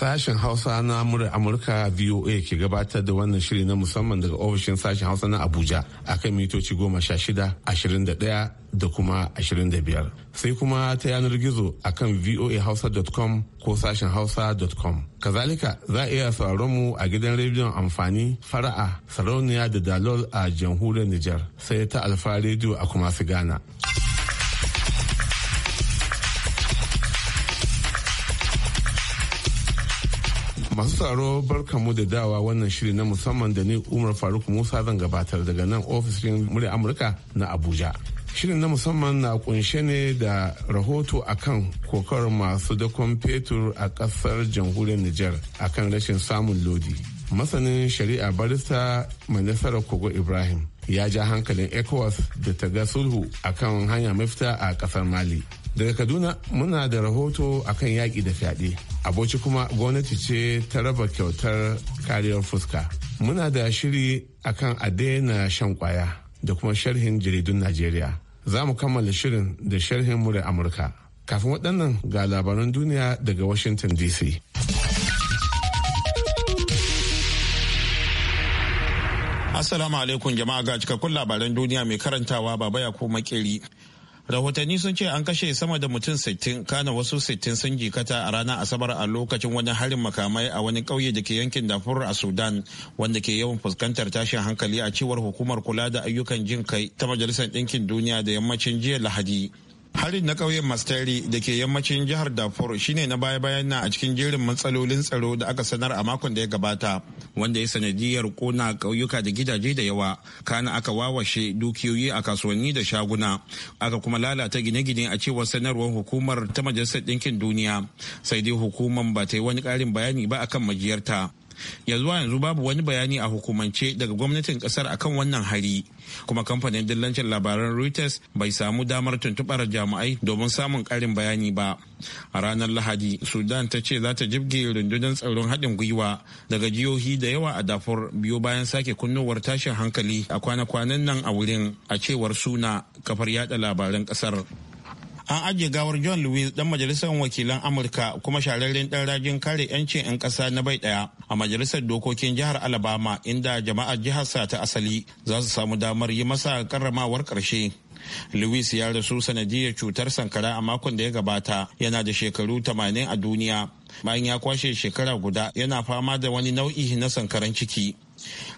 Sashen Hausa na Amurka VOA ke gabatar da wannan shiri na musamman daga ofishin sashen Hausa na Abuja a kan mitoci goma sha shida, ashirin da daya da kuma ashirin da biyar. Sai kuma ta yanar gizo a kan voahausa.com ko sashen Hausa hausa.com. Kazalika za a iya sauraron mu a gidan rediyon amfani fara'a sarauniya da dalol a jamhuriyar Nijar sai ta alfa rediyo a kuma su Ghana. masu tsaro barkanmu da dawa wannan shiri na musamman da ni umar faruk musa zan gabatar daga nan ofishin muri amurka na abuja shirin na musamman na kunshe ne da rahoto akan kokar masu dakon fetur a kasar jamhuriyar niger akan rashin samun lodi masanin shari'a barista mai nasarar kogo ibrahim ya ja hankalin ecowas da ta ga sulhu akan hanya mafita a kasar mali daga kaduna muna da rahoto akan yaƙi da fyaɗe aboci kuma gwamnati ce ta raba kyautar kariyar fuska muna da shiri akan a daina shan kwaya da kuma sharhin jaridun najeriya za mu kammala shirin da sharhin murar amurka kafin waɗannan ga labaran duniya daga washington dc assalamu alaikum jama'a ga cikakkun labaran duniya mai karantawa baba ya ko makeri rahotanni sun ce an kashe sama da mutum 60 kana wasu 60 sun jikata a ranar asabar a lokacin wani harin makamai a wani kauye da ke yankin dafur a sudan wanda ke yawan fuskantar tashin hankali a cewar hukumar kula da ayyukan jin kai ta majalisar ɗinkin duniya da yammacin jiya lahadi harin na ƙauyen mastari da ke yammacin jihar darfur shine na baya-bayan na a cikin jerin matsalolin tsaro da aka sanar a makon da ya gabata wanda ya sanadiyar kona ƙauyuka da gidaje da yawa kana aka wawashe dukiyoyi a kasuwanni da shaguna aka kuma lalata gine-gine a cewar sanarwar hukumar ta majalisar ɗinkin duniya sai dai hukumar ba ta yi wani ƙarin bayani ba akan majiyarta yanzu yanzu babu wani bayani a hukumance daga gwamnatin kasar akan wannan hari kuma kamfanin dillancin labaran reuters bai samu damar tuntubar jami'ai domin samun karin bayani ba a ranar lahadi sudan ta ce za ta jibge rundunar tsaron haɗin gwiwa daga jihohi da yawa a dafur biyo bayan sake kunnowar tashin hankali a kwana-kwanan nan a wurin a cewar suna kafar yada labaran kasar an ajiye gawar john lewis dan majalisar wakilan amurka kuma shararren dan rajin kare 'yancin 'yan ƙasa na bai ɗaya a majalisar dokokin jihar alabama inda jama'ar sa ta asali za su samu damar yi masa karramawar karshe. lewis ya rasu sanadiyar cutar sankara a makon da ya gabata yana da shekaru 80 a duniya bayan ya kwashe shekara guda yana fama da wani nau'i na sankaran ciki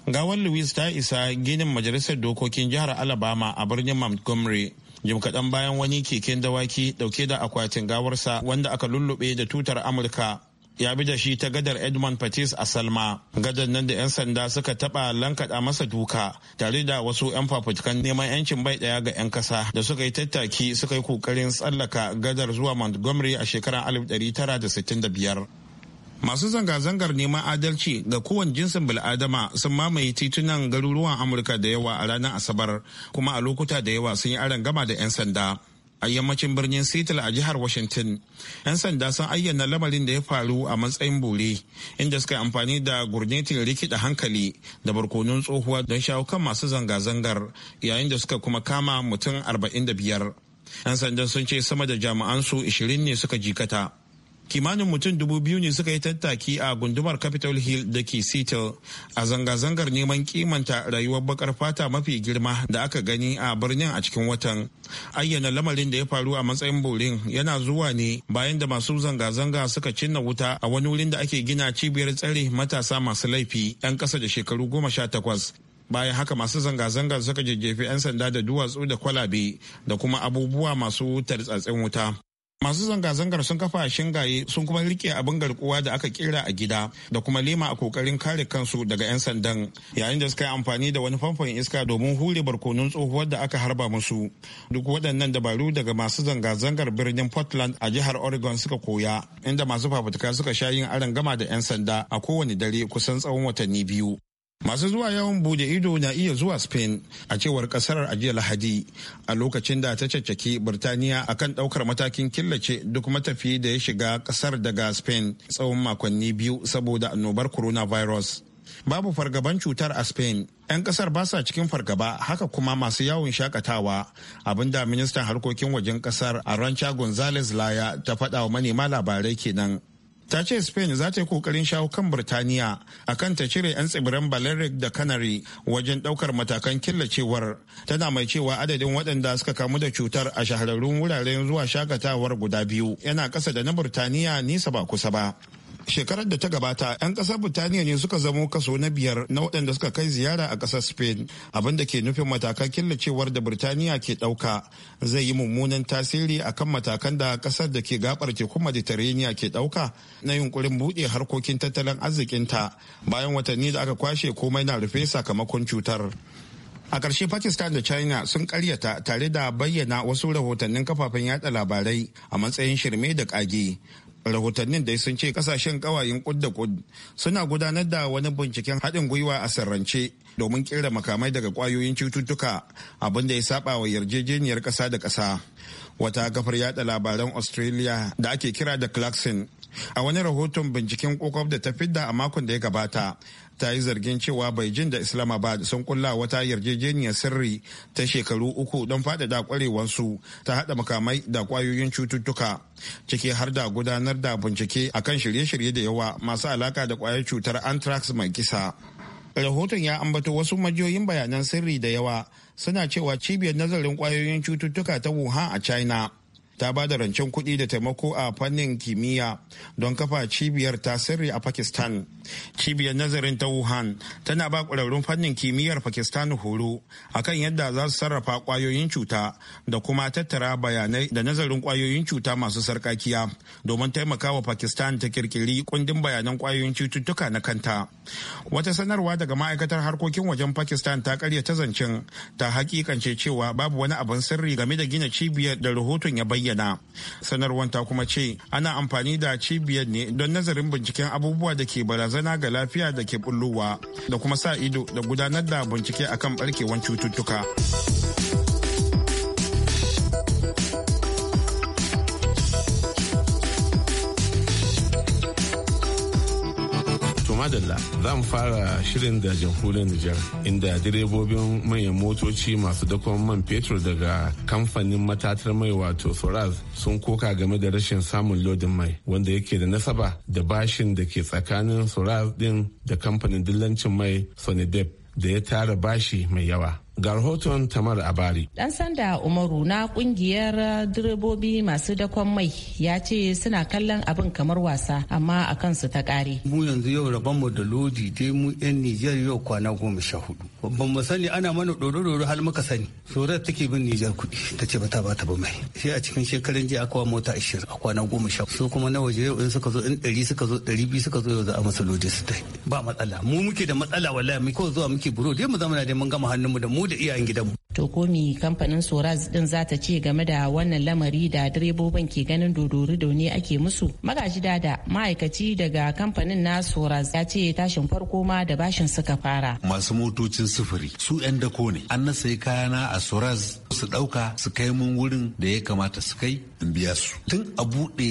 gawar lewis ta isa ginin majalisar dokokin jihar alabama a birnin montgomery jim kaɗan bayan wani keken dawaki ɗauke da akwatin gawarsa wanda aka lullube da tutar amurka ya bi da shi ta gadar edmund patis a salma gadar nan da 'yan sanda suka taɓa lankaɗa masa duka tare da wasu 'yan fafutukan neman 'yancin bai ɗaya ga 'yan ƙasa da suka yi tattaki suka yi ƙoƙarin tsallaka gadar zuwa montgomery a shekarar 1965 masu zanga-zangar neman adalci ga kowane jinsin bil'adama sun mamaye titunan garuruwan amurka da yawa a ranar asabar kuma a lokuta da yawa sun yi aron gama da 'yan sanda a yammacin birnin seattle a jihar washington 'yan sanda sun ayyana lamarin da ya faru a matsayin bore inda suka amfani da gurnetin rikida hankali da barkonon tsohuwa don shawo kan masu zanga-zangar yayin da suka kuma kama mutum 45 'yan sanda sun ce sama da jami'an su 20 ne suka jikata kimanin mutum dubu biyu ne suka yi tattaki a gundumar capitol hill da ke seattle a zanga-zangar neman kimanta rayuwar bakar fata mafi girma da aka gani a birnin a cikin watan ayyana lamarin da ya faru a matsayin borin yana zuwa ne bayan da masu zanga-zanga suka cinna wuta a wani wurin da ake gina cibiyar tsare matasa masu laifi 'yan kasa da shekaru goma sha takwas bayan haka masu zanga-zanga suka jejjefi 'yan sanda da duwatsu da kwalabe da kuma abubuwa masu tartsatsin wuta masu zanga-zangar sun kafa shingaye sun kuma rike abin garkuwa da aka kera a gida da kuma lema a kokarin kare kansu daga 'yan sandan yayin da suka yi amfani da wani famfon iska domin hure barkonun tsohuwar da aka harba musu duk waɗannan dabaru daga masu zanga-zangar birnin portland a jihar oregon suka koya inda masu fafutuka suka sha yin aron gama da 'yan sanda a kowane dare kusan tsawon watanni biyu masu zuwa yawon bude ido na iya zuwa spain a cewar kasar a jiya lahadi a lokacin da ta caccaki birtaniya akan daukar matakin killace duk matafi da ya shiga kasar daga spain tsawon makonni biyu saboda annobar coronavirus babu fargaban cutar a spain 'yan kasar ba sa cikin fargaba haka kuma masu yawon shakatawa abinda ministan harkokin wajen kasar arancha gonzales laya ta faɗa wa manema labarai kenan ta ce spain za ta yi kokarin shawo kan birtaniya kan ta cire 'yan tsibiran balearic da canary wajen daukar matakan killacewar tana mai cewa adadin waɗanda suka kamu da cutar a shahararrun wuraren zuwa shakatawar guda biyu yana ƙasa da na birtaniya nisa ba kusa ba shekarar da ta gabata 'yan kasar burtaniya ne suka zamo kaso na biyar na waɗanda suka kai ziyara a ƙasar spain abin da ke nufin matakan killacewar da burtaniya ke ɗauka zai yi mummunan tasiri akan matakan da kasar da ke gabar tekun mediterania ke ɗauka na yunkurin buɗe harkokin tattalin arzikinta bayan watanni da aka kwashe komai na rufe sakamakon cutar a ƙarshe pakistan da china sun karyata tare da bayyana wasu rahotannin kafafen yada labarai a matsayin shirme da ƙage rahotannin dai sun ce kasashen kawayen kudda da kud suna gudanar da wani binciken haɗin gwiwa a sirrance domin kera makamai daga kwayoyin cututtuka abin da ya saba wa yarjejeniyar ƙasa da ƙasa wata kafar yada labaran australia da ake kira da clarkson a wani rahoton binciken kokof da ta fidda a makon da ya gabata ta yi zargin cewa Beijing da Islamabad sun kulla wata yarjejeniyar sirri ta shekaru uku don faɗaɗa kwarewarsu ta haɗa makamai da kwayoyin cututtuka ciki har da gudanar da bincike akan shirye-shirye da yawa masu alaka da kwayar cutar anthrax mai kisa. rahoton ya ambato wasu majiyoyin bayanan sirri da yawa suna cewa cibiyar nazarin kwayoyin cututtuka ta wuhan a china ta ba da rancen kuɗi da taimako a fannin kimiyya don kafa cibiyar ta sirri a pakistan cibiyar nazarin ta wuhan tana ba ƙwararrun fannin kimiyyar pakistan horo a kan yadda za su sarrafa ƙwayoyin cuta da kuma tattara bayanai da nazarin ƙwayoyin cuta masu sarƙaƙiya domin taimakawa pakistan ta kirkiri kundin bayanan ƙwayoyin cututtuka na kanta wata sanarwa daga ma'aikatar harkokin wajen pakistan ta karya ta zancen ta hakikance cewa babu wani abin sirri game da gina cibiyar da rahoton ya bayyana bayyana sanarwar ta kuma ce ana amfani da cibiyar ne don nazarin binciken abubuwa da ke barazana ga lafiya da ke bullowa da kuma sa ido da gudanar da bincike akan barkewan cututtuka. madalla za fara shirin da jamhuriyar Nijar inda direbobin manyan motoci masu dakon man fetur daga kamfanin matatar mai wato Soraz sun koka game da rashin samun lodin mai wanda yake da nasaba da bashin da ke tsakanin Soraz din da kamfanin dillancin mai Sonidep da ya tara bashi mai yawa. ga rahoton tamar abari dan sanda umaru na kungiyar direbobi masu dakon mai ya ce suna kallon abin kamar wasa amma a kansu ta kare mu yanzu yau rabon mu da lodi dai mu yan nijar yau kwana goma sha hudu ban mu sani ana mana doro-doro hal muka sani tsoron take bin nijar kudi ta ce bata bata ba mai sai a cikin shekarun jiya aka mota ashirin a kwana goma sha su kuma na waje yau in suka zo in ɗari suka zo ɗari biyu suka zo yau za a masa lodi su dai ba matsala mu muke da matsala wallahi mu kawai zuwa muke buro dai mu zama na dai mun gama hannun mu da mu mu da iyayen gidanmu. To komi kamfanin Soraz din za ta ce game da wannan lamari da direbobin ke ganin dodori da ne ake musu. Magaji dada ma'aikaci daga kamfanin na Soraz ya ce tashin farko ma da bashin suka fara. Masu motocin sufuri su 'yan dako ne. An na sayi kayana a Soraz su dauka su kai mun wurin da ya kamata su kai in biya su. Tun a buɗe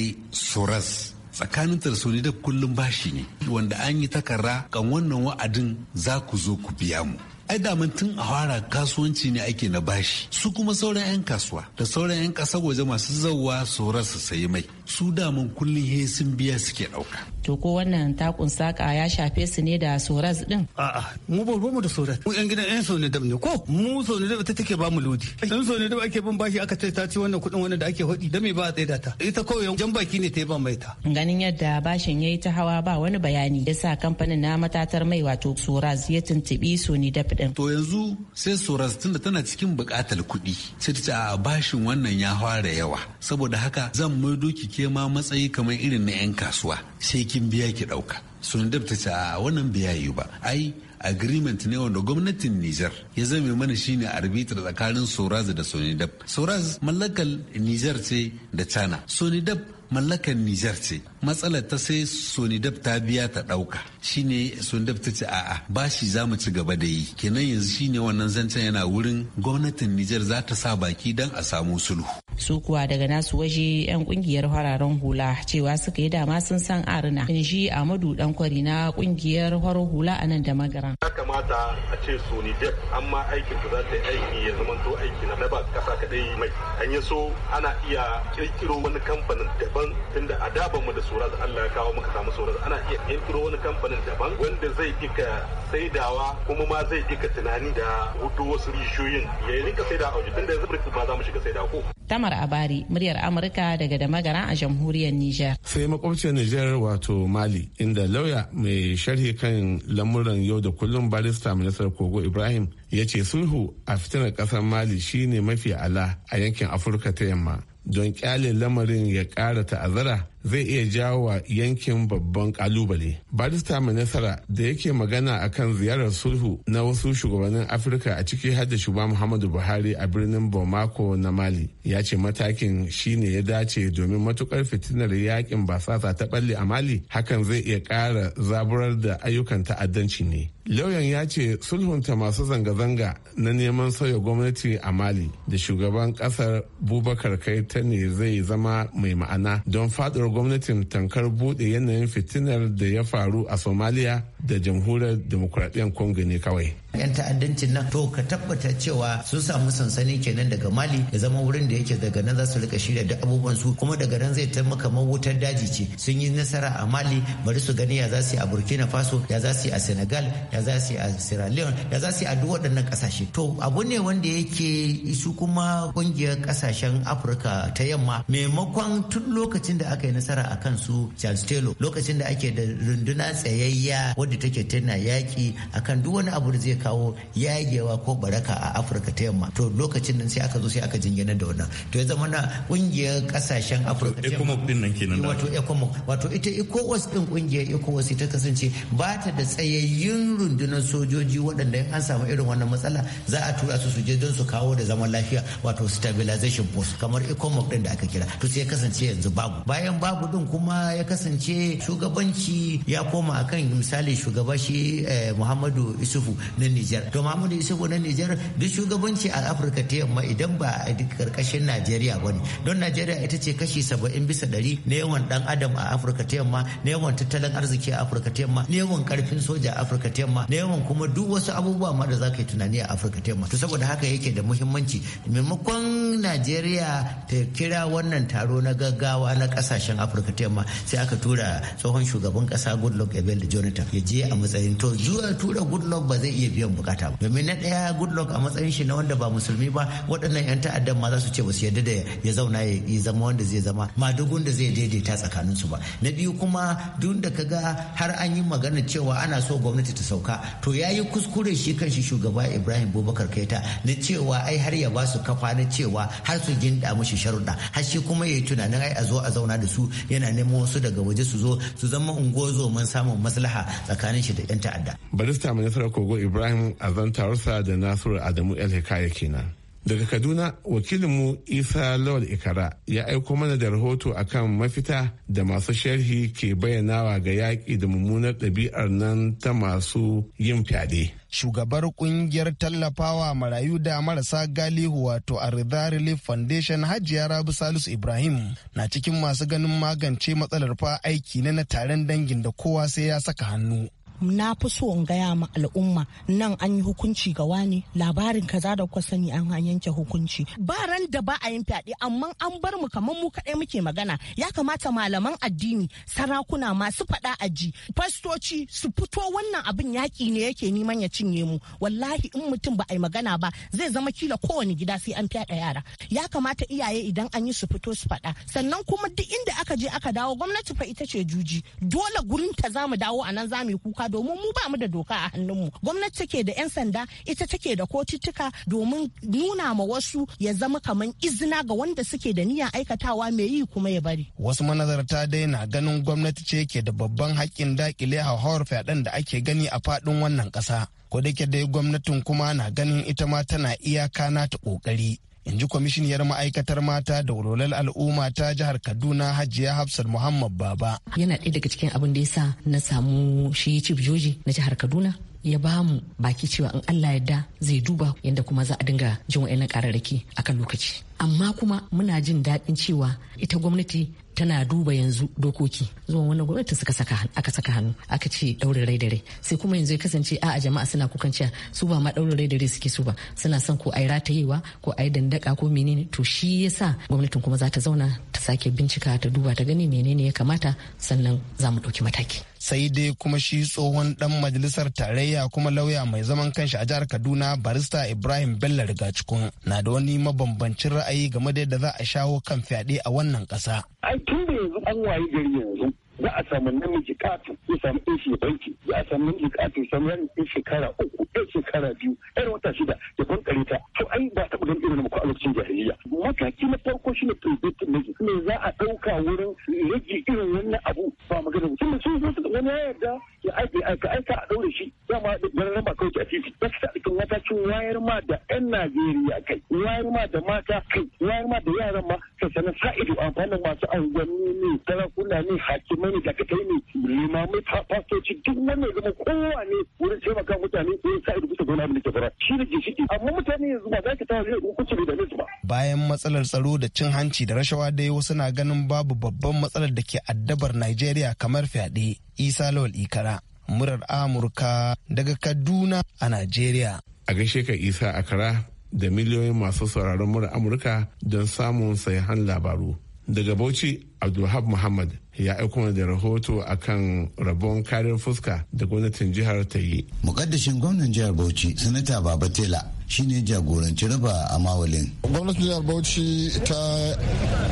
Soraz tsakanin tarsoni da kullum bashi ne wanda an yi takara kan wannan wa'adin za ku zo ku biya mu ai daman tun a fara kasuwanci ne ake na bashi su kuma sauran 'yan kasuwa da sauran 'yan ƙasa waje masu zawa su rasa sayi mai su daman kullum he sun biya suke ɗauka. to ko wannan takun saka ya shafe su ne da soras din a'a mu ba mu da soras mu yan gidan yan sone dab ne ko mu sone dab ta take ba mu lodi yan sone dab ake bin bashi aka ce ta ci wannan kuɗin wannan da ake hodi da me ba a tsaida ta ita kawai jan baki ne ta yi mai ta ganin yadda bashin yayi ta hawa ba wani bayani yasa kamfanin na matatar mai wato soras ya tuntubi sone dab kuɗin. To yanzu sai su tunda tana cikin buƙatar kuɗi sai ta ce a bashin wannan ya fara yawa saboda haka zan maido ki ke ma matsayi kamar irin na 'yan kasuwa sai kin biya ki ɗauka. sunadab ta ce a wannan bai ba ai agreement ne wanda gwamnatin Nijar ya zame mana shine arbitrar tsakanin Soraz da Sonidab. Soraz mallakar Nijar ce da Tana. Sonidab mallakar Nijar ce. Matsalar ta sai Sonidab ta biya ta ɗauka. Shine Sonidab ta ce a'a ba shi za mu ci gaba da yi. Kenan yanzu shine wannan zancen yana wurin gwamnatin Nijar za ta sa baki dan a samu sulhu. su kuwa daga nasu waje 'yan kungiyar hararen hula cewa suka yi dama sun san arina in ji amadu dankwari na kungiyar horo hula a nan da magara ya kamata a ce su ni duk amma aikin da za ta yi aiki ya zama to aiki na ba kasa kadai mai an yi so ana iya kirkiro wani kamfanin daban tunda a daban mu da sura da Allah ya kawo muka samu sura ana iya kirkiro wani kamfanin daban wanda zai dika saidawa kuma ma zai dika tunani da hudu wasu rishiyoyin ya rika saida a waje tunda yanzu ba za mu shiga saida ko Tamar Abari, muryar Amurka daga da magana a jamhuriyar Nijar. Sai makwabciyar Nijar wato Mali, inda lauya mai sharhi kan lamuran yau da kullum barista ministar Kogo Ibrahim ya ce sulhu a fitinar kasar Mali shine mafi ala a yankin Afirka ta yamma. Don kyale lamarin ya ƙara ta'azzara zai iya jawo wa yankin babban kalubale. Barista mai da yake magana a kan ziyarar sulhu na wasu shugabannin Afirka a ciki har da Muhammadu Buhari a birnin Bamako na Mali ya ce matakin shi ne ya dace domin matukar fitinar yakin basasa ta balle a Mali hakan zai iya ƙara zaburar da ayyukan ta'addanci ne. Lauyan ya ce sulhunta masu zanga-zanga na neman sauya gwamnati a Mali da shugaban kasar Bubakar Kaita ne zai zama mai ma'ana don faɗuwar gwamnatin tankar bude yanayin fitinar da ya faru a somalia da jamhuriyar demokuraɗiyyar Kongo ne kawai 'yan ta'addancin nan to ka tabbata cewa sun samu sansani kenan daga mali ya zama wurin da yake daga nan za su rika shirya da abubuwan su kuma daga nan zai ta maka wutar daji ce sun yi nasara a mali bari su gani ya za su yi a burkina faso ya za su yi a senegal ya za su yi a sierra leone ya za su yi a duk waɗannan ƙasashe to abu ne wanda yake su kuma ƙungiyar ƙasashen afirka ta yamma maimakon tun lokacin da aka yi nasara a kan su charles taylor lokacin da ake da runduna tsayayya wadda take tana yaƙi akan duk wani abu da zai kawo yagewa ko baraka a afirka ta yamma to lokacin nan sai aka zo sai aka jingina da wannan to ya zama na kungiyar kasashen afirka ta yamma nan wato ecomoc wato ita ecowas din kungiyar ecowas ta kasance ba ta da tsayayyun rundunar sojoji waɗanda in an samu irin wannan matsala za a tura su su don su kawo da zaman lafiya wato stabilization post kamar ecomoc din da aka kira to sai ya kasance yanzu babu bayan babu din kuma ya kasance shugabanci ya koma akan misali shugaba shi eh, muhammadu isufu na Nijar. To Mahmudu Yusufu na Nijar duk shugabanci a Afirka ta yamma idan ba a karkashin Najeriya ba ne. Don Najeriya ita ce kashi saba'in bisa ɗari na yawan ɗan adam a Afirka ta yamma, na yawan tattalin arziki a Afirka ta yamma, na yawan karfin soja a Afirka ta yamma, na yawan kuma duk wasu abubuwa ma da za tunani a Afirka ta yamma. To saboda haka yake da muhimmanci. Maimakon Najeriya ta kira wannan taro na gaggawa na kasashen Afirka ta yamma sai aka tura tsohon shugaban ƙasa Goodluck Ebele Jonathan ya je a matsayin to zuwa tura Goodluck ba zai iya biyan bukata ba domin na ɗaya goodluck a matsayin shi na wanda ba musulmi ba waɗannan 'yan ta'addan ma za su ce ba su yarda da ya zauna ya zama wanda zai zama ma madugun da zai daidaita tsakanin su ba na biyu kuma duk da ka ga har an yi magana cewa ana so gwamnati ta sauka to ya yi kuskure shi kan kanshi shugaba ibrahim bubakar kaita na cewa ai har ya ba su kafa na cewa har su ginda mushi sharuɗa har shi kuma ya yi tunanin ai a zo a zauna da su yana neman wasu daga waje su zo su zama ungozo samun maslaha tsakanin shi da 'yan ta'adda barista mai nasarar kogo ibrahim ibrahim Azantarsa da nasiru adamu el hikaya kenan daga kaduna wakilinmu isa lawal ikara ya aiko mana da rahoto akan mafita da masu sharhi ke bayyanawa ga yaƙi da mummunar ɗabi'ar nan ta masu yin fyaɗe shugabar kungiyar tallafawa marayu da marasa galihu wato Arida Relief Foundation Hajiya Rabi Salisu Ibrahim na cikin masu ganin magance matsalar fa aiki na na taron dangin da kowa sai ya saka hannu. na fi so in gaya ma al'umma nan an yi hukunci ga wani labarin kaza da kuka sani an yanke hukunci ba ran da ba a yin fyaɗe amma an bar mu kamar mu kaɗai muke magana ya kamata malaman addini sarakuna masu faɗa a ji. fastoci su fito wannan abin yaƙi ne yake neman ya cinye mu wallahi in mutum ba a yi magana ba zai zama kila kowane gida sai an fyaɗa yara ya kamata iyaye idan an yi su fito su faɗa sannan kuma duk inda aka je aka dawo gwamnati fa ita ce juji dole gurin ta za mu dawo a nan za mu yi kuka domin mu ba mu da doka a hannunmu gwamnati take da 'yan sanda ita take da kotuttuka domin nuna ma wasu ya zama kamar izina ga wanda suke da niyyar aikatawa mai yi kuma ya bari wasu manazarta dai na ganin gwamnati ce ke da babban haƙƙin dakile hauhawar fyaɗen da ake gani a faɗin wannan ƙasa ko da dai gwamnatin kuma na ganin ita ma tana iyaka na ta ƙoƙari in ji kwamishiniyar ma'aikatar mata da walwalar al'umma ta jihar kaduna hajiya hafsat muhammad baba yana ɗaya daga cikin abin da ya sa na samu shi chief joji na jihar kaduna ya ba mu baki cewa in allah yadda zai duba yadda kuma za a dinga jin wa'annan kararraki kan lokaci amma kuma muna jin daɗin cewa ita gwamnati tana duba yanzu dokoki zuwa wani gwamnati suka saka aka saka hannu aka ce daurin rai da rai sai kuma yanzu ya kasance a jama'a suna kukan cewa su ba ma daurin rai da rai suke su ba suna son ko ai ratayewa ko ai dandaka ko menene to shi yasa gwamnatin kuma za ta zauna ta sake bincika ta duba ta gani menene ya kamata sannan za mu dauki mataki sai dai kuma shi tsohon dan majalisar tarayya kuma lauya mai zaman kanshi a jihar kaduna barista ibrahim bello rigacikun na da wani mabambancin ra'ayi game da yadda za a shawo kan fyaɗe a wannan ƙasa. an tun da yanzu an wayi gari yanzu za a samu namiji katu ya samu ɗin shi banki za a samu namiji katu samu ran shekara uku ɗin shekara biyu ɗan wata shida ya bankare ta to ai ba ta ganin irin muku a lokacin jahiliya mataki na farko shine predictive measures me za a ɗauka wurin rage irin wannan abu ba magana da sun zo wani ya yarda ya aika aika a ɗaure shi dama da ganin ba kawai a titi ya sa ɗikin matakin wayar ma da 'yan Najeriya kai wayar ma da mata kai wayar ma da yaran ma sassanin sa amfanin masu anguwanni ne sarakuna ne hakimai ne dakatai ne limamai fastoci duk wannan zama kowa ne wurin taimaka mutane ko sa ido bisa gona abin da shi ne gishiki amma mutane yanzu ba za ka tawo zai hukunci da nasu ba. Bayan matsalar tsaro da cin hanci da rashawa dai wasu na ganin babu babban matsalar da ke addabar Najeriya kamar fyaɗe. Isa Lawal Ikara murar Amurka daga Kaduna a Najeriya. A gaishe ka Isa Akara da miliyoyin masu sauraron murar Amurka don samun sahihan labaru. Daga Bauchi, Abdulhab Muhammad ya aiko da rahoto akan rabon kariyar fuska da gwamnatin jihar ta yi. Mukaddashin gwamnan jihar Bauchi, Sanata Baba Tela, shine jagoranci raba a mawalin. Gwamnatin jihar Bauchi ta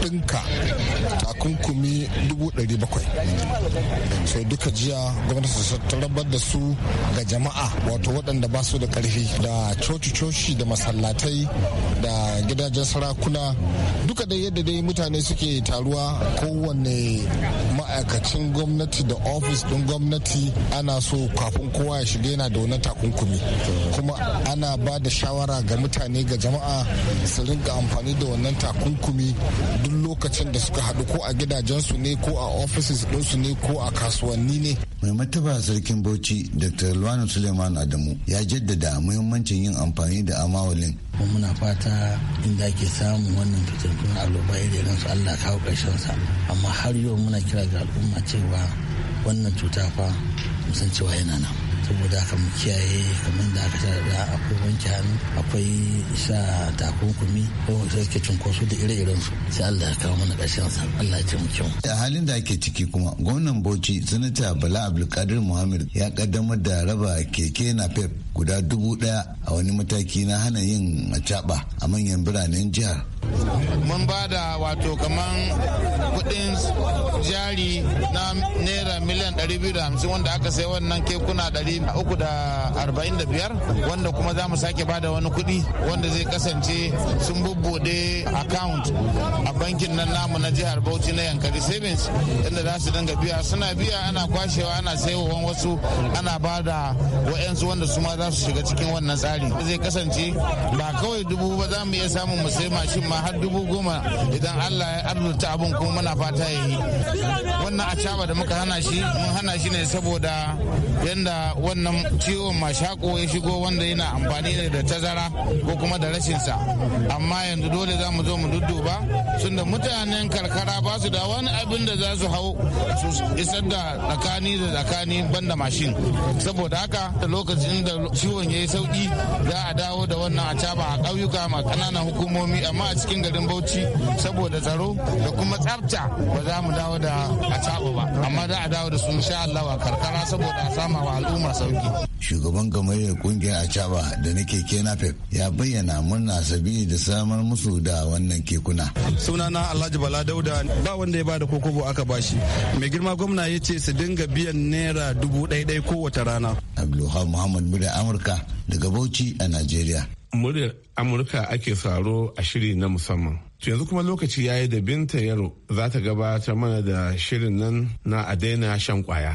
ɗinka takunkumi 700. So duka jiya gwamnati ta rabar da su ga jama'a wato waɗanda ba su da ƙarfi da coci-coci da masallatai da gidajen sarakuna duka da yadda dai mutane suke taruwa kowane ma'aikacin gwamnati da ofis ɗin gwamnati ana so kafin kowa ya shiga yana da wani takunkumi kuma ana ba da sha shawara ga mutane ga jama'a su ringa amfani da wannan takunkumi duk lokacin da suka haɗu ko a gidajensu ne ko a offices ɗinsu ne ko a kasuwanni ne. mai mataba sarkin bauchi dr luwanu suleiman adamu ya jaddada muhimmancin yin amfani da amawalin kuma muna fata inda ake samun wannan fitattun alobai da su allah karshen sa amma har yau muna kira ga al'umma cewa wannan cuta fa musan cewa yana nan saboda haka mu kiyaye kamar da aka da akwai wanke hannu akwai sa takunkumi ko ke cunkoso da ire-iren su sai Allah ya kawo mana ƙarshen sa Allah ya ce mu kyau. a halin da ake ciki kuma gwamnan bauchi sanata bala abdulkadir muhammad ya kaddamar da raba keke na pep guda dubu daya a wani mataki na hana yin acaba a manyan biranen jihar mun ba da wato kaman kudin jari na naira miliyan 250 wanda aka sai wannan kekuna 345 wanda kuma za mu sake ba da wani kudi wanda zai kasance sun bubbude account a bankin nan namu na jihar bauchi na yankari savings inda za su dinga biya suna biya ana kwashewa ana sayowa wasu ana ba da wa'yansu wanda su ma za su shiga cikin wannan tsari zai kasance ba kawai dubu ba za mu iya samun mu sai mashin ma har dubu goma idan allah ya arzuta abin kuma muna fata ya yi wannan acaba da muka hana shi mun hana shi ne saboda yadda wannan ciwon mashako ya shigo wanda yana amfani ne da tazara ko kuma da rashin sa amma yanzu dole za mu zo mu dudduba sun da mutanen karkara ba su da wani abin da za su hau su isar da tsakani da tsakani banda mashin saboda haka da lokacin da ciwon ya yi sauki za a dawo da wannan acaba a ƙauyuka ma ƙananan hukumomi amma a cikin garin bauchi saboda tsaro da kuma tsafta ba za mu dawo da a ba amma da a dawo da su sha Allah a karkara saboda a sama wa al'umma sauki shugaban gamayyar kungiyar a caɓa da nake kenafep ya bayyana murna sabi da samar musu da wannan kekuna sunana Alhaji Bala Dauda ba wanda ya bada kokobo aka bashi mai girma gwamna ya ce su dinga biyan naira dubu ɗaya ɗaya kowace rana Abdulhamu Muhammad Murya Amurka daga Bauchi a nigeria. muryar amurka ake saro a shiri na musamman To yanzu kuma lokaci ya yi da Binta Yaro za ta gabatar mana da shirin nan na a daina shan kwaya.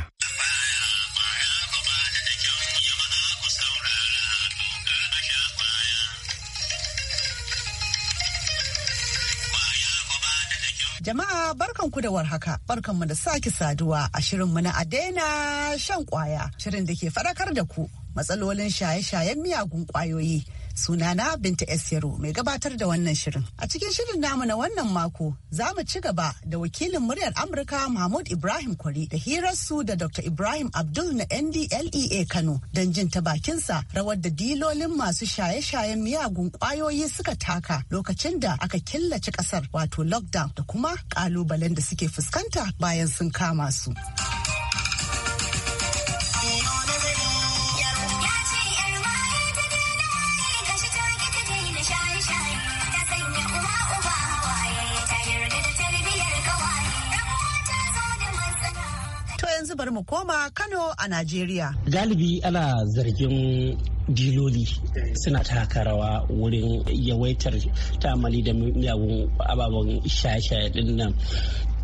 Jama'a barkanku da warhaka, barkanmu da sake saduwa a shirinmu na a daina shan kwaya, shirin da ke faɗakar da ku matsalolin shaye-shayen miyagun kwayoyi. Sunana Binta Esiru mai gabatar da wannan shirin. A cikin shirin namu na wannan mako za mu ci gaba da wakilin muryar Amurka Mahmud Ibrahim Kwari da hirarsu da Dr. Ibrahim Abdul na NDLEA Kano don jin ta bakinsa rawar da dilolin masu shaye-shayen miyagun kwayoyi suka taka lokacin da aka killace kasar wato lockdown da kuma kalubalen da suke fuskanta bayan sun kama su. yanzu bari mu koma Kano a Najeriya. Galibi ana zargin diloli suna taka rawa wurin yawaitar tamali da miyagun ababen shaye-shaye din nan.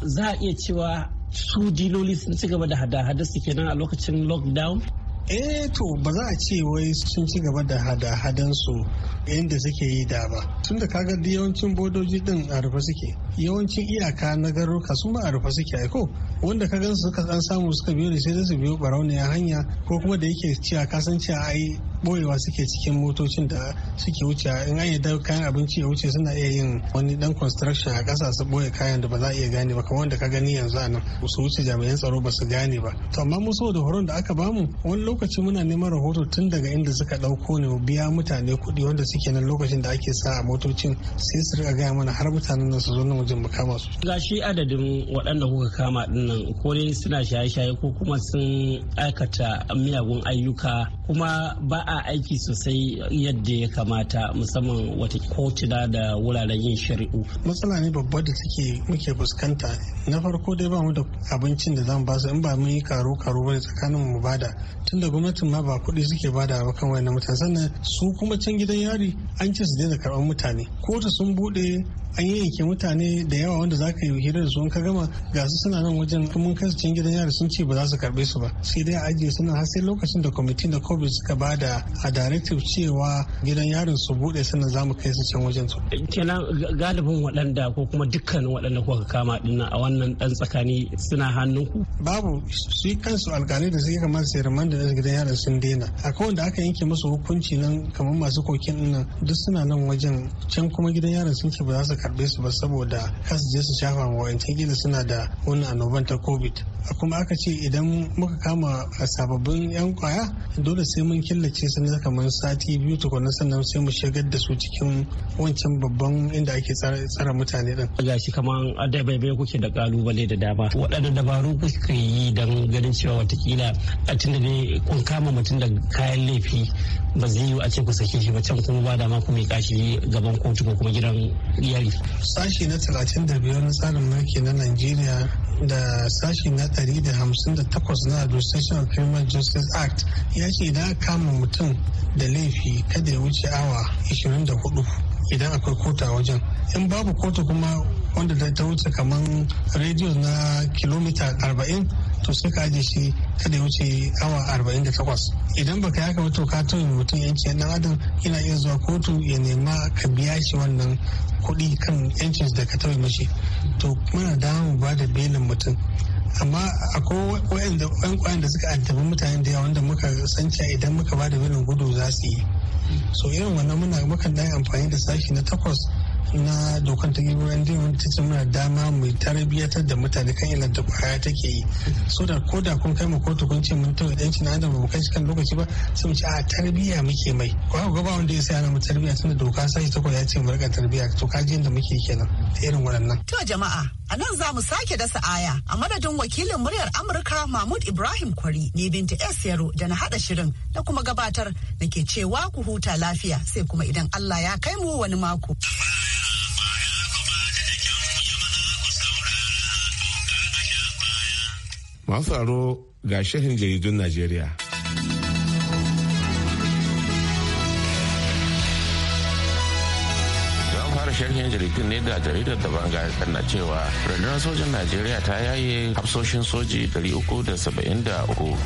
Za a iya cewa su diloli sun ci gaba da hada-hada su kenan a lokacin lockdown? eh to ba za a ce wai sun ci gaba da hada hadansu su inda suke yi da ba tun da kaga yawancin bodoji din a rufe suke yawancin iyaka na garuka su ba a rufe suke aiko wanda ka gansu suka an samu suka biyo da sai su biyo barauniya hanya ko kuma da yake cewa kasan cewa ai boyewa suke cikin motocin da suke wuce in an yadda kayan abinci ya wuce suna iya yin wani dan construction a ƙasa su boye kayan da ba za a iya gane ba kamar wanda ka gani yanzu a nan su wuce jami'an tsaro ba su gane ba to amma mu da horon da aka bamu wani lokaci muna neman rahoto tun daga inda suka ɗauko ne biya mutane kuɗi wanda suke nan lokacin da ake sa a motocin sai su rika gaya mana har mutanen nan su zo nan wajen mu kama su shi adadin waɗanda kuka kama nan ko dai suna shaye-shaye ko kuma sun aikata miyagun ayyuka kuma ba a aiki sosai yadda ya kamata musamman wata kotuna da wuraren yin shari'u matsala ne babba da suke muke fuskanta na farko dai ba mu da abincin da zamu basu in ba mun yi karo karo bane tsakanin mu bada tunda gwamnatin ma ba kuɗi suke bada ba kan wayannan mutane sannan su kuma can gidan yari an ce su daina karɓar mutane kotu sun buɗe. an yi yanke mutane da yawa wanda za ka yi hira da su ka gama ga su suna nan wajen kuma kai cikin gidan yari sun ce ba za su karbe su ba sai dai a ajiye suna har sai lokacin da kwamitin da kobi suka ba da a directive cewa gidan yarin su bude sannan za mu kai su can wajen su. kenan galibin waɗanda ko kuma dukkanin waɗanda kuka kama dinnan a wannan ɗan tsakani suna hannun ku. babu su kansu alkalai da suke kamar su da ɗan gidan yarin sun daina akwai wanda aka yanke musu hukunci nan kamar masu kokin nan duk suna nan wajen can kuma gidan yarin sun ce ba za su karbe su ba saboda kasu je su shafa ma wa'ancan gida suna da wani annoban ta covid kuma aka ce idan muka kama sababbin yan kwaya dole sai mun killace su na kamar sati biyu tukuna sannan sai mu shigar da su cikin wancan babban inda ake tsara mutane din ga shi kaman bai kuke da kalubale da dama waɗannan dabaru kuka yi don ganin cewa watakila a tunda ne kun kama mutum da kayan laifi ba zai yiwu a ce ku sake shi ba can kuma ba dama ku mai kashi gaban kotu ko kuma gidan iyali. sashi na 35 na tsarin mulki na nigeria da sashi na 158 na administration of human justice act ya ce da kama mutum da laifi kada ya wuce awa 24 idan akwai kota wajen in babu kotu kuma wanda ta wuce kamar rediyo na kilomita arba'in. to sai ka aje shi kada ya wuce awa arba'in da takwas idan baka yaka wato ka tauye mutum yanci yan'adan adam yana iya zuwa kotu ya nema ka biya shi wannan kuɗi kan yancin da ka tauye mashi to muna dama mu ba da belin mutum amma akwai wa'anda ƴan da suka addabi mutane da yawa wanda muka san cewa idan muka ba da belin gudu za su yi so irin wannan muna mukan dan amfani da sashi na takwas na dokan ta gibi dai wanda ta muna dama mu tarbiyyatar da mutane kan ilan da kwaya take yi so da ko da kun kai mu kotu kun ce mun tawa yanci na adam ba kai shi kan lokaci ba sai mu ce a tarbiyya muke mai ko ga ba wanda ya sai ana mu tarbiyya tunda doka sai ta ya ce mu rika tarbiyya to ka ji yadda muke kenan irin waɗannan to jama'a a nan za mu sake dasa aya a madadin wakilin muryar amurka mahmud ibrahim kwari ne binta s yaro da na hada shirin na kuma gabatar da ke cewa ku huta lafiya sai kuma idan allah ya kai mu wani mako. masu aro ga shehin jaridun najeriya sharhin jaridun ne da jaridar da banga na cewa rundunar sojan najeriya ta yaye hafsoshin soji 373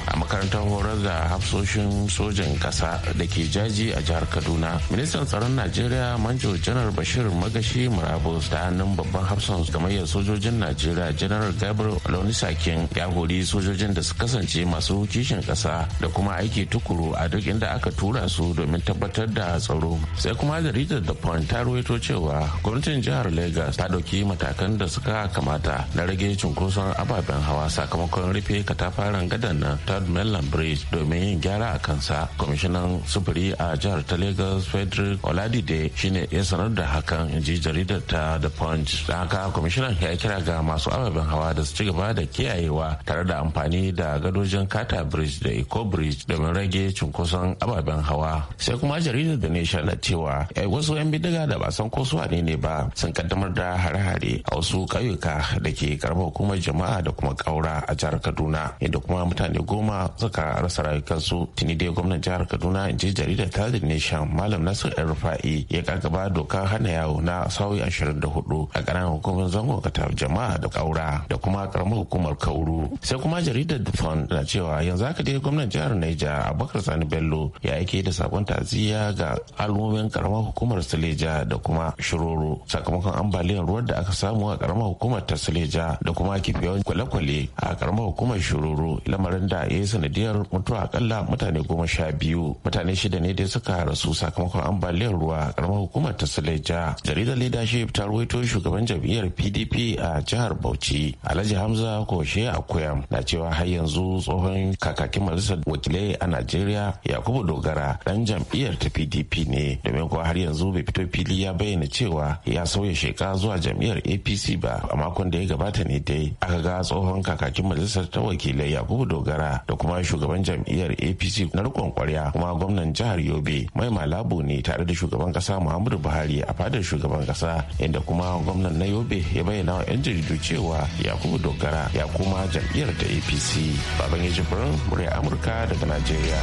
a makarantar horar da hafsoshin sojan kasa da ke jaji a jihar kaduna ministan tsaron najeriya manjo janar bashir magashi murabus ta hannun babban hafsan gamayyar sojojin najeriya janar gabriel sakin ya hori sojojin da su kasance masu kishin kasa da kuma aiki tukuru a duk inda aka tura su domin tabbatar da tsaro sai kuma jaridar da point ta ruwaito cewa gwamnatin jihar Legas ta ɗauki matakan da suka kamata na rage cunkoson ababen hawa sakamakon rufe katafaren gadan na Third Mainland Bridge domin yin gyara a kansa. Kwamishinan sufuri a jihar ta Legas Frederick Oladide shine ya sanar da hakan in ji jaridar ta The Punch. Da haka kwamishinan ya kira ga masu ababen hawa da su ci gaba da kiyayewa tare da amfani da gadojin Kata Bridge da Eco Bridge domin rage cunkoson ababen hawa. Sai kuma jaridar The Nation na cewa eh, wasu 'yan bidiga da ba san ko su mutane ne ba sun kaddamar da hare-hare a wasu ƙauyuka da ke karamar hukumar jama'a da kuma ƙaura a jihar kaduna inda kuma mutane goma suka rasa rayukansu tuni dai gwamnan jihar kaduna in ji jaridar tazir nation malam nasir rufa'i ya kakaba doka hana yawo na sauyi ashirin da hudu a ƙananan hukumar zango kata jama'a da ƙaura da kuma karamar hukumar kauru sai kuma jaridar the na cewa yanzu haka dai gwamnan jihar naija abubakar sani bello ya yake da sakon taziya ga al'ummomin karamar hukumar suleja da kuma shiru shiroro sakamakon ambaliyar ruwan da aka samu a karamar hukumar tasleja da kuma kifiyar kwale-kwale a karamar hukumar shiroro lamarin da ya yi sanadiyar mutuwa akalla mutane goma sha biyu mutane shida ne da suka rasu sakamakon ambaliyar ruwa a karamar hukumar tasleja jaridar leadership ta ruwaito shugaban jam'iyyar pdp a jihar bauchi alhaji hamza koshe akuyam na cewa har yanzu tsohon kakakin majalisar wakilai a najeriya yakubu dogara dan jam'iyyar ta pdp ne domin kuwa har yanzu bai fito fili ya bayyana cewa cewa ya sauya sheka zuwa jam'iyyar apc ba a makon da ya gabata ne dai aka ga tsohon kakakin majalisar ta wakilai yakubu dogara da kuma shugaban jam'iyyar apc na rikon kwarya kuma gwamnan jihar yobe mai malabu ne tare da shugaban kasa muhammadu buhari a fadar shugaban kasa inda kuma gwamnan na yobe ya bayyana wa 'yan jaridu cewa yakubu dogara ya kuma jam'iyyar ta apc baban ya jibrin murya amurka daga najeriya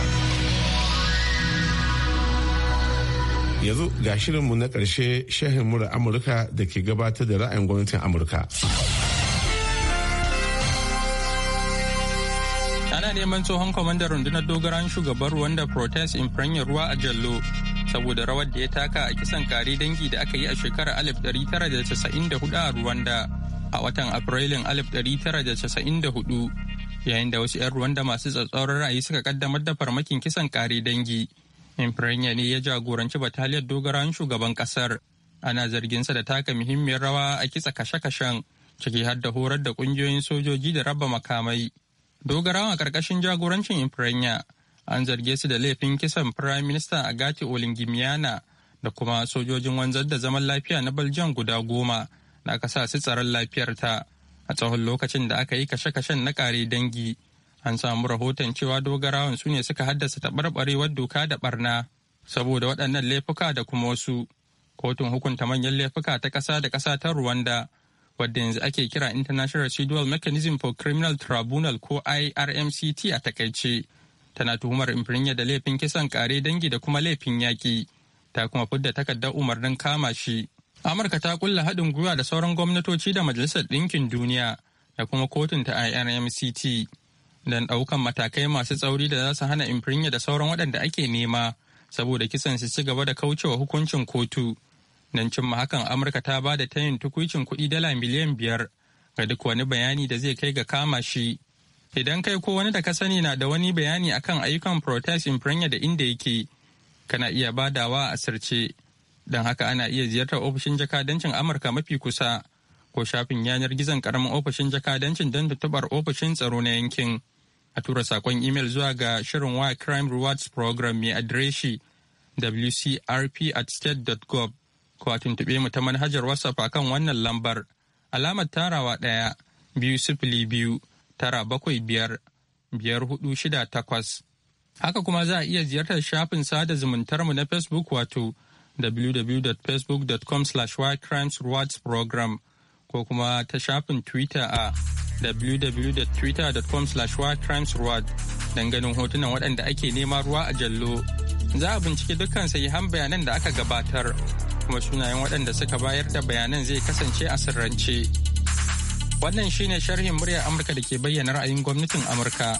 yanzu ga shirinmu na ƙarshe shehin mura amurka da ke gabatar da ra'ayin gwamnatin amurka ana neman tsohon kwamandar rundunar dogaran shugaban ruwanda protest in ruwa a jallo saboda rawar da ya taka a kisan kare dangi da aka yi a shekarar 1994 a ruwanda a watan afrilun 1994 yayin da wasu 'yan ruwanda masu tsatsauran ra'ayi suka kaddamar da farmakin kisan kare dangi Imprenya ne ya jagoranci bataliyar dogarawan shugaban kasar. Ana zarginsa da taka muhimmiyar rawa a kitsa kashe-kashen ciki har da horar da kungiyoyin sojoji da raba makamai. Dogarawan a ƙarƙashin jagorancin Imprenya an zarge su da laifin kisan Prime Minister Agati Olingimiana da kuma sojojin wanzar da zaman lafiya na Baljan guda goma da aka sa su tsaron lafiyarta a tsawon lokacin da aka yi kashe-kashen na ƙare dangi. an samu rahoton cewa dogarawan su ne suka haddasa taɓarɓarewar doka da ɓarna saboda waɗannan laifuka da kuma wasu kotun hukunta manyan laifuka ta ƙasa da ƙasa ta rwanda wadda yanzu ake kira international residual mechanism for criminal tribunal ko irmct a takaice tana tuhumar imfirinya da laifin kisan kare dangi da kuma laifin yaƙi ta kuma fidda takardar umarnin kama shi amurka ta kulla haɗin gwiwa da sauran gwamnatoci da majalisar ɗinkin duniya da kuma kotun ta irmct don ɗaukan matakai masu tsauri da za su hana imfirinya da sauran waɗanda ake nema saboda kisan su ci gaba da kaucewa hukuncin kotu. Nan cimma hakan Amurka ta ba da tayin tukuicin kuɗi dala miliyan biyar ga duk wani bayani da zai kai ga kama shi. Idan kai ko wani da ka sani na da wani bayani akan ayyukan protest imfirinya da inda yake, kana iya badawa a asirce. Don haka ana iya ziyartar ofishin jakadancin Amurka mafi kusa ko shafin yanar gizon karamin ofishin jakadancin don tutubar ofishin tsaro na yankin. a tura sakon imel zuwa ga shirin wa crime rewards program mai adireshi wcrp at state.gov ko a tuntube mu ta manhajar whatsapp a kan wannan lambar alamar tarawa ɗaya biyu sifili biyu tara bakwai biyar biyar hudu shida takwas haka kuma za a iya ziyartar shafin sada zumuntar mu na facebook wato www.facebook.com slash program ko kuma ta shafin twitter a www.twitter.com slash don ganin hotunan waɗanda ake nema ruwa a jallo za a bincike dukkan han bayanan da aka gabatar kuma sunayen waɗanda suka bayar da bayanan zai kasance a sirrance wannan shine sharhin murya amurka da ke bayyana ra'ayin gwamnatin amurka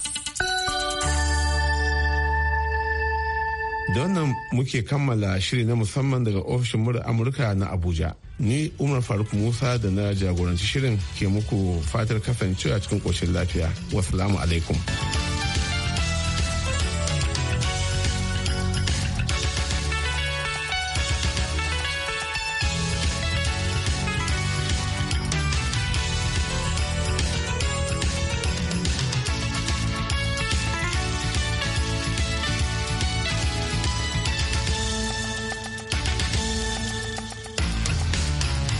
da wannan muke kammala shiri na musamman daga ofishin murya amurka na abuja ni umar faruk musa da na jagoranci shirin ke muku fatar kasancewa cikin koshin lafiya wasu alaikum. alaikum